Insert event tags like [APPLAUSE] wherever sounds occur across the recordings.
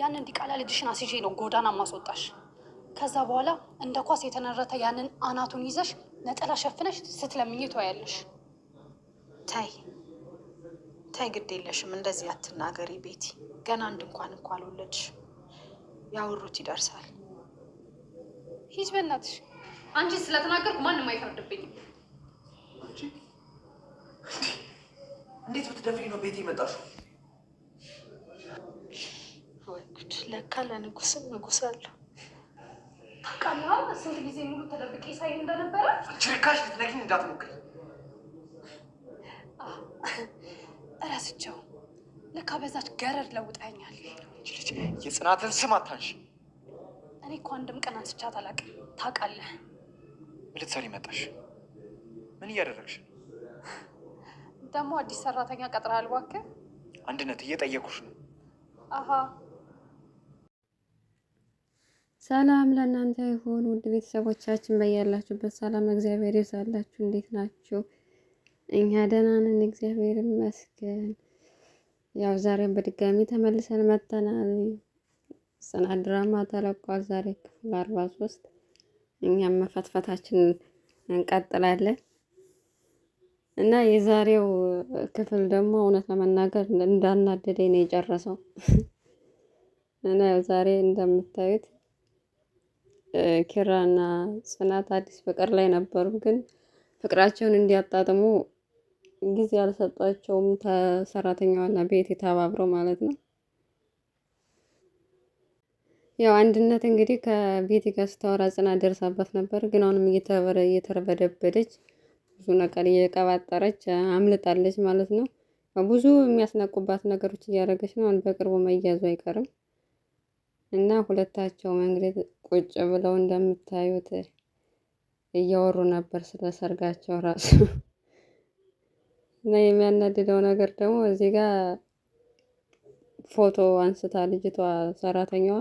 ያንን ዲቃላ ልጅሽን አስይዤ ነው ጎዳና ማስወጣሽ። ከዛ በኋላ እንደ ኳስ የተነረተ ያንን አናቱን ይዘሽ ነጠላ ሸፍነሽ ስትለምኝ ተያለሽ። ታይ ታይ፣ ግድ የለሽም እንደዚህ አትናገሪ ቤቲ። ገና አንድ እንኳን እንኳ አልወለድሽ። ያወሩት ይደርሳል። ሂጅ በእናትሽ። አንቺ ስለተናገርኩ ማንም አይፈርድብኝም። እንዴት ብትደፍሪ ነው ቤቲ የመጣሽው? ለካ ለንጉስም ንጉስ አለው። ታውቃለህ፣ ስንት ጊዜ ሙሉ ተደብቄ ሳይ እንደነበረ ችርካሽ ልትነግኝ እንዳትሞክር። እረስቸው ለካ በዛች ገረድ ለውጠኛል። የጽናትን ስም አታንሽ። እኔ እኮ አንድም ቀን አንስቻት አላውቅም። ታውቃለህ። ልትሰሪ መጣሽ? ምን እያደረግሽ ደግሞ? አዲስ ሰራተኛ ቀጥረሃል? እባክህ አንድነት፣ እየጠየኩሽ ነው። አሃ ሰላም ለእናንተ ይሁን ውድ ቤተሰቦቻችን፣ በያላችሁበት ሰላም እግዚአብሔር ይብዛላችሁ። እንዴት ናችሁ? እኛ ደህና ነን፣ እግዚአብሔር ይመስገን። ያው ዛሬም በድጋሚ ተመልሰን መጥተናል። ጽናት ድራማ ተለቋል። ዛሬ ክፍል አርባ ሶስት እኛም መፈትፈታችንን እንቀጥላለን እና የዛሬው ክፍል ደግሞ እውነት ለመናገር እንዳናደደኝ ነው የጨረሰው እና ዛሬ እንደምታዩት ኪራና ጽናት አዲስ ፍቅር ላይ ነበሩ፣ ግን ፍቅራቸውን እንዲያጣጥሙ ጊዜ አልሰጧቸውም። ተሰራተኛዋና ቤት የተባብረው ማለት ነው። ያው አንድነት እንግዲህ ከቤት ጋር ስታወራ ጽናት ደርሳበት ነበር፣ ግን አሁንም እየተረበደበደች ብዙ ነገር እየቀባጠረች አምልጣለች ማለት ነው። ብዙ የሚያስነቁባት ነገሮች እያደረገች ነው። አሁን በቅርቡ መያዙ አይቀርም። እና ሁለታቸው እንግዲህ ቁጭ ብለው እንደምታዩት እያወሩ ነበር ስለ ሰርጋቸው ራሱ። እና የሚያናድደው ነገር ደግሞ እዚህ ጋር ፎቶ አንስታ ልጅቷ ሰራተኛዋ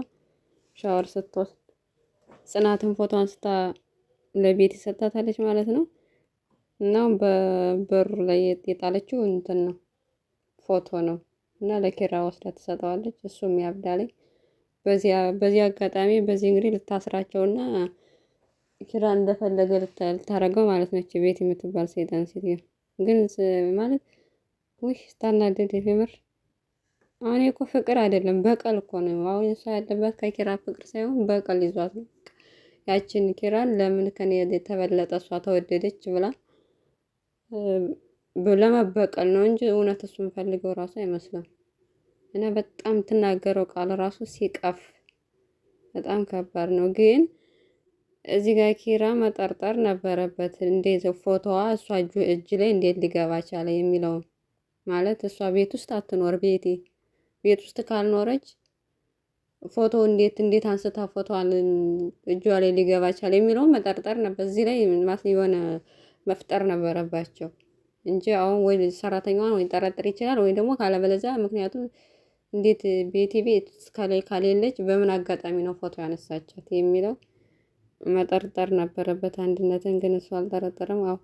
ሻወር ስትወስድ ጽናትን ፎቶ አንስታ ለቤት ይሰጣታለች ማለት ነው። እና በበሩ ላይ የጣለችው እንትን ነው ፎቶ ነው። እና ለኪራ ወስዳ ትሰጠዋለች። እሱም ያብዳለኝ በዚህ አጋጣሚ በዚህ እንግዲህ ልታስራቸውና ኪራ እንደፈለገ ልታረገው ማለት ነች። ቤት የምትባል ሰይጣን ሴትዮ ግን ማለት ውሽ ስታናደድ የምር አሁን እኮ ፍቅር አይደለም በቀል እኮ ነው። አሁን እሷ ያለባት ከኪራ ፍቅር ሳይሆን በቀል ይዟት ነው። ያችን ኪራን ለምን ከኔ የተበለጠ እሷ ተወደደች ብላ ለመበቀል ነው እንጂ እውነት እሱ የምፈልገው ራሱ አይመስለም። እና በጣም የምትናገረው ቃል ራሱ ሲቀፍ በጣም ከባድ ነው። ግን እዚህ ጋር ኪራ መጠርጠር ነበረበት። እንዴት ፎቶዋ እሷ እጅ ላይ እንዴት ሊገባ ቻለ የሚለው ማለት እሷ ቤት ውስጥ አትኖር፣ ቤቴ ቤት ውስጥ ካልኖረች ፎቶ እንዴት እንዴት አንስታ ፎቶዋን እጇ ላይ ሊገባ ቻለ የሚለው መጠርጠር ነበር። እዚህ ላይ የሆነ መፍጠር ነበረባቸው እንጂ አሁን ወይ ሰራተኛዋን ወይ ጠረጥር ይችላል ወይ ደግሞ ካለበለዚያ ምክንያቱም እንዴት ቤቲ ቤት እስከላይ ካሌለች በምን አጋጣሚ ነው ፎቶ ያነሳቻት የሚለው መጠርጠር ነበረበት። አንድነትን ግን እሱ አልጠረጠረም። አው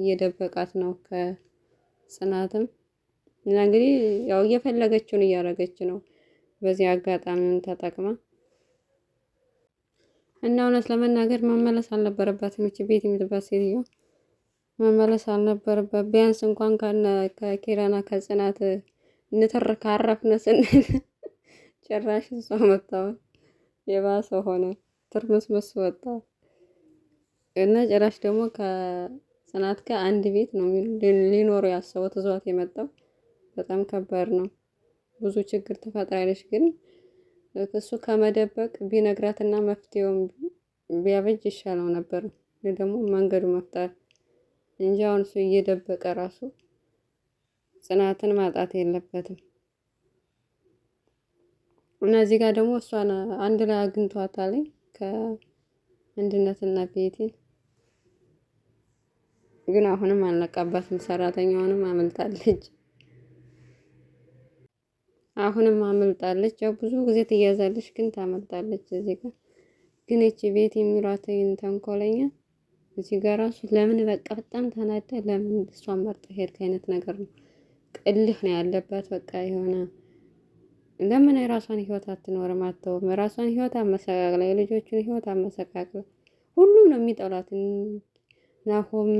እየደበቃት ነው ከጽናትም እና እንግዲህ ያው እየፈለገችውን እያደረገች ነው። በዚህ አጋጣሚውን ተጠቅማ እና እውነት ለመናገር መመለስ አልነበረባትም። ይቺ ቤት የምትባት ሴትዮ መመለስ አልነበረባት። ቢያንስ እንኳን ከኬራና ከጽናት ንትር ካረፍነ ስንል [LAUGHS] ጭራሽ እሷ መታወን የባሰ ሆነ፣ ትርምስምስ ወጣ እና ጭራሽ ደግሞ ከጽናት ጋር አንድ ቤት ነው ሊኖሩ ያሰበው ትዟት የመጣው በጣም ከባድ ነው። ብዙ ችግር ትፈጥራለች። ግን እሱ ከመደበቅ ቢነግራትና መፍትሄውም ቢያበጅ ይሻለው ነበር። ደግሞ መንገዱ መፍጠር እንጂ አሁን እሱ እየደበቀ ራሱ ጽናትን ማጣት የለበትም። እነዚህ ጋር ደግሞ እሷን አንድ ላይ አግኝቷታል ከአንድነትና ቤቴን ግን አሁንም አልነቃባትም። ሰራተኛውንም አመልጣለች፣ አሁንም አመልጣለች። ያው ብዙ ጊዜ ትያዛለች፣ ግን ታመልጣለች። እዚህ ጋር ግን እቺ ቤት የሚሏትን ተንኮለኛ እዚህ ጋር ራሱ ለምን በቃ በጣም ተናደ። ለምን እሷን መርጠ ሄድክ አይነት ነገር ነው። ቅልህ ነው ያለባት። በቃ የሆነ ለምን የራሷን ህይወት አትኖርም? አተውም የራሷን ህይወት አመሰቃቅለ የልጆችን ህይወት አመሰቃቅለ ሁሉም ነው የሚጠላት። ናሆም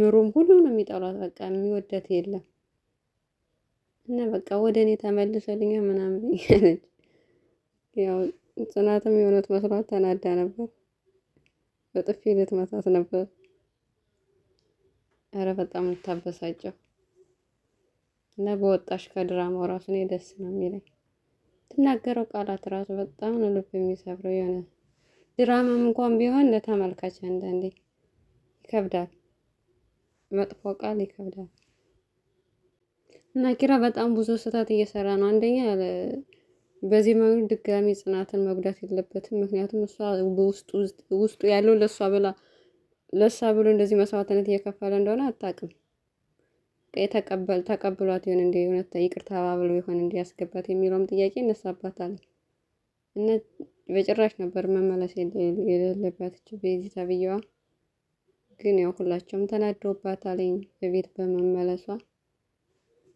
ምሩም፣ ሁሉም ነው የሚጠላት። በቃ የሚወደት የለም እና በቃ ወደ እኔ ተመልሰልኛ ምናምን ያው ጽናትም የሆነት መስሏት ተናዳ ነበር። በጥፊ ልትመታት ነበር። ኧረ በጣም ልታበሳጨው እና በወጣሽ ከድራማው ራሱ እኔ ደስ ነው የሚለኝ። ትናገረው ቃላት ራሱ በጣም ነው ልብ የሚሰብረው። የሆነ ድራማም እንኳን ቢሆን ለተመልካች አንዳንዴ ይከብዳል፣ መጥፎ ቃል ይከብዳል። እና ኪራ በጣም ብዙ ስህተት እየሰራ ነው። አንደኛ በዚህ መንገድ ድጋሚ ጽናትን መጉዳት የለበትም። ምክንያቱም እሷ በውስጡ ውስጡ ያለው ለእሷ ብላ ለእሷ ብሎ እንደዚህ መስዋዕትነት እየከፈለ እንደሆነ አታውቅም። የተቀበል ተቀብሏት ይሆን እንዲ እውነት ይቅርታ ባብሎ ይሆን ያስገባት የሚለውም ጥያቄ ይነሳባታል። እነ በጭራሽ ነበር መመለስ የሌለባት ቤዚ ተብዬዋ። ግን ያው ሁላቸውም ተናደውባታለኝ በቤት በመመለሷ።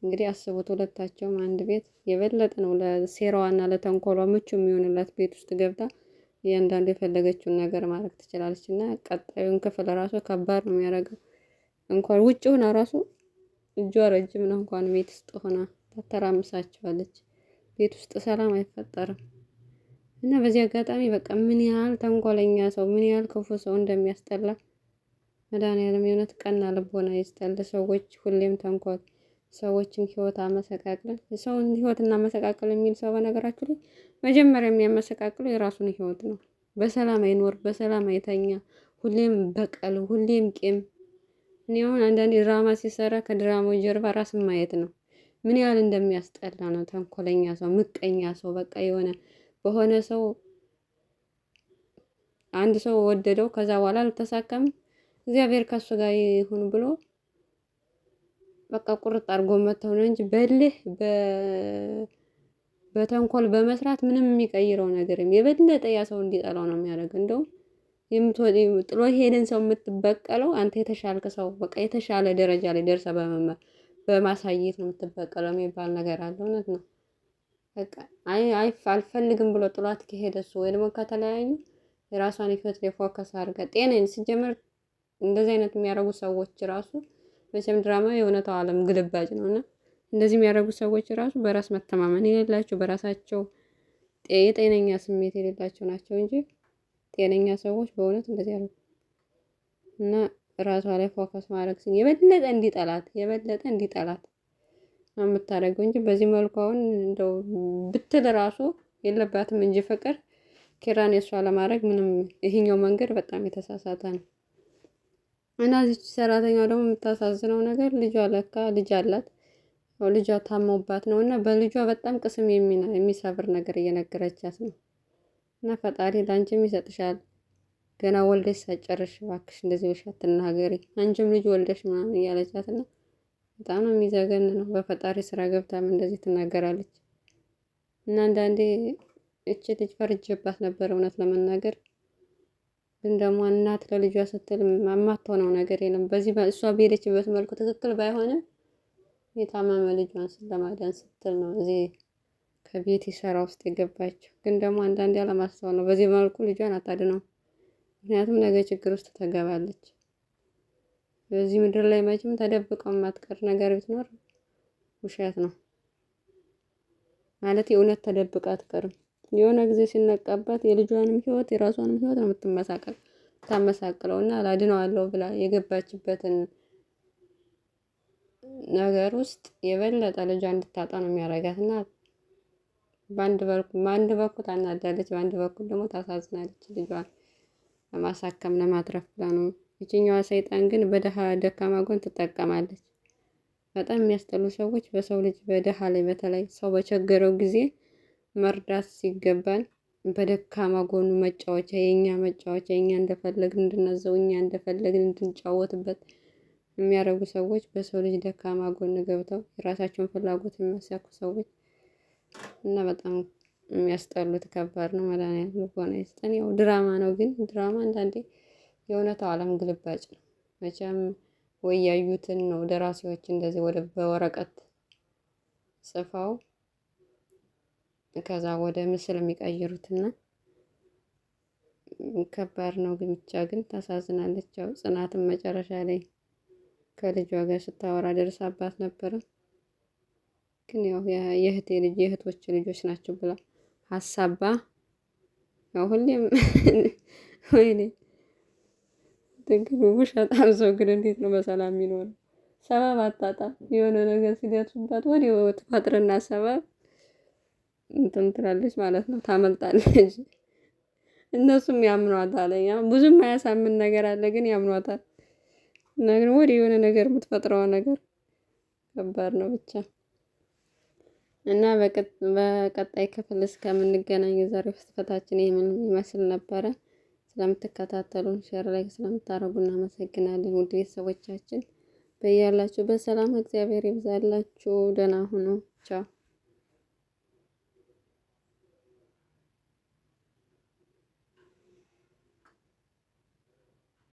እንግዲህ አስቡት ሁለታቸውም አንድ ቤት የበለጠ ነው ለሴራዋና ለተንኮሏ ምቹ የሚሆንላት ቤት ውስጥ ገብታ እያንዳንዱ የፈለገችውን ነገር ማድረግ ትችላለች እና ቀጣዩን ክፍል ራሱ ከባድ ነው የሚያደርገው። እንኳን ውጭ ሆና ራሱ እጇ ረጅም ነው። እንኳን ቤት ውስጥ ሆና ታተራምሳቸዋለች። ቤት ውስጥ ሰላም አይፈጠርም። እና በዚህ አጋጣሚ በቃ ምን ያህል ተንኮለኛ ሰው፣ ምን ያህል ክፉ ሰው እንደሚያስጠላ መድኃኒዓለም የእውነት ቀና ልቦና ይስጠል። ሰዎች ሁሌም ተንኮል ሰዎችን ህይወት አመሰቃቅል ሰውን ህይወት እናመሰቃቅል የሚል ሰው በነገራችሁ ላይ መጀመሪያ የሚያመሰቃቅለው የራሱን ህይወት ነው። በሰላም አይኖር፣ በሰላም አይተኛ፣ ሁሌም በቀል፣ ሁሌም ቂም እኔ አሁን አንዳንዴ ድራማ ሲሰራ ከድራማው ጀርባ ራስን ማየት ነው። ምን ያህል እንደሚያስጠላ ነው። ተንኮለኛ ሰው፣ ምቀኛ ሰው፣ በቃ የሆነ በሆነ ሰው አንድ ሰው ወደደው፣ ከዛ በኋላ አልተሳካም፣ እግዚአብሔር ከሱ ጋር ይሁን ብሎ በቃ ቁርጥ አድርጎ መተው ነው እንጂ በልህ በተንኮል በመስራት ምንም የሚቀይረው ነገር የበለጠ ያ ሰው እንዲጠላው ነው የሚያደርግ እንደውም ጥሎ ሄደን ሰው የምትበቀለው አንተ የተሻልከ ሰው በቃ የተሻለ ደረጃ ላይ ደርሰ በማሳየት ነው የምትበቀለው የሚባል ነገር አለ። እውነት ነው። አይ አልፈልግም ብሎ ጥሏት ከሄደ እሱ ወይ ደግሞ ከተለያዩ የራሷን ህይወት ላይ ፎከስ አድርጋ ጤናን ሲጀምር እንደዚህ አይነት የሚያደርጉ ሰዎች ራሱ መቼም ድራማ የእውነታው ዓለም ግልባጭ ነው እና እንደዚህ የሚያደርጉ ሰዎች ራሱ በራስ መተማመን የሌላቸው በራሳቸው የጤነኛ ስሜት የሌላቸው ናቸው እንጂ ጤነኛ ሰዎች በእውነት እንደዚህ አሉ እና ራሷ ላይ ፎከስ ማድረግ ስ የበለጠ እንዲጠላት የበለጠ እንዲጠላት ነው የምታደርገው እንጂ በዚህ መልኩ አሁን እንደው ብትል ራሱ የለባትም እንጂ ፍቅር ኪራን የእሷ ለማድረግ ምንም ይህኛው መንገድ በጣም የተሳሳተ ነው። እና እዚች ሰራተኛው ደግሞ የምታሳዝነው ነገር ልጇ ለካ ልጅ አላት። ልጇ ታሞባት ነው እና በልጇ በጣም ቅስም የሚሰብር ነገር እየነገረቻት ነው። እና ፈጣሪ ለአንቺም ይሰጥሻል። ገና ወልደሽ ሳጨርሽ እባክሽ እንደዚህ ብለሽ አትናገሪ፣ አንቺም ልጅ ወልደሽ ምናምን እያለቻት እና በጣም ነው የሚዘገን ነው። በፈጣሪ ስራ ገብታም እንደዚህ ትናገራለች እና አንዳንዴ እች ልጅ ፈርጅባት ነበር እውነት ለመናገር ግን ደግሞ እናት ለልጇ ስትል የማትሆነው ነገር የለም። በዚህ እሷ በሄደችበት መልኩ ትክክል ባይሆንም የታመመ ልጇን ለማዳን ስትል ነው እዚህ ከቤት ይሰራ ውስጥ የገባችው ግን ደግሞ አንዳንዴ ያለማስተዋል ነው። በዚህ መልኩ ልጇን አታድነው፣ ምክንያቱም ነገ ችግር ውስጥ ተገባለች። በዚህ ምድር ላይ መቼም ተደብቀው የማትቀር ነገር ብትኖር ውሸት ነው ማለት የእውነት ተደብቃ አትቀርም። የሆነ ጊዜ ሲነቃባት የልጇንም ህይወት የራሷንም ህይወት ነው የምትመሳቀል ታመሳቅለው እና ላድነዋለሁ ብላ የገባችበትን ነገር ውስጥ የበለጠ ልጇ እንድታጣ ነው የሚያደርጋት እና በአንድ በኩል ታናዳለች፣ በአንድ በኩል ደግሞ ታሳዝናለች። ልጇን ለማሳከም ለማትረፍ ብላ ነው። ይችኛዋ ሰይጣን ግን በደሃ ደካማ ጎን ትጠቀማለች። በጣም የሚያስጠሉ ሰዎች በሰው ልጅ በደሃ ላይ በተለይ ሰው በቸገረው ጊዜ መርዳት ሲገባን በደካማ ጎኑ መጫወቻ የእኛ መጫወቻ የእኛ እንደፈለግን እንድናዘው እኛ እንደፈለግን እንድንጫወትበት የሚያደርጉ ሰዎች በሰው ልጅ ደካማ ጎን ገብተው የራሳቸውን ፍላጎት የሚያሳኩ ሰዎች እና በጣም የሚያስጠሉት ከባድ ነው። መድኃኒዓለም ልቦና ይስጠን። ያው ድራማ ነው፣ ግን ድራማ አንዳንዴ የእውነታው ዓለም ግልባጭ ነው። መቼም ወይ ያዩትን ነው ደራሲዎች እንደዚህ ወደ በወረቀት ጽፈው ከዛ ወደ ምስል የሚቀይሩትና ከባድ ነው። ግን ብቻ ግን ታሳዝናለች። ያው ጽናትን መጨረሻ ላይ ከልጇ ጋር ስታወራ ደርሳባት ነበረ። ግን ያው የእህቴ ልጅ የእህቶች ልጆች ናቸው ብላ ሀሳባ ያው ሁሌም [LAUGHS] ወይኔ ትግል ውሻት አብዞ ግን እንዴት ነው በሰላም የሚኖረው? ሰበብ አጣጣ የሆነ ነገር ሲደርሱባት ወዲያው ትፈጥርና ሰበብ እንትን ትላለች ማለት ነው፣ ታመልጣለች። እነሱም ያምኗታል። ብዙም አያሳምን ነገር አለ፣ ግን ያምኗታል። ነገር ወዲያው የሆነ ነገር የምትፈጥረው ነገር ከባድ ነው ብቻ እና በቀጣይ ክፍል እስከምንገናኝ የዛሬው ፍትፈታችን ይህምን ይመስል ነበረ። ስለምትከታተሉን ሼር ላይ ስለምታደርጉ እናመሰግናለን። ውድ ቤተሰቦቻችን በያላችሁ በሰላም እግዚአብሔር ይብዛላችሁ። ደህና ሁኑ። ቻው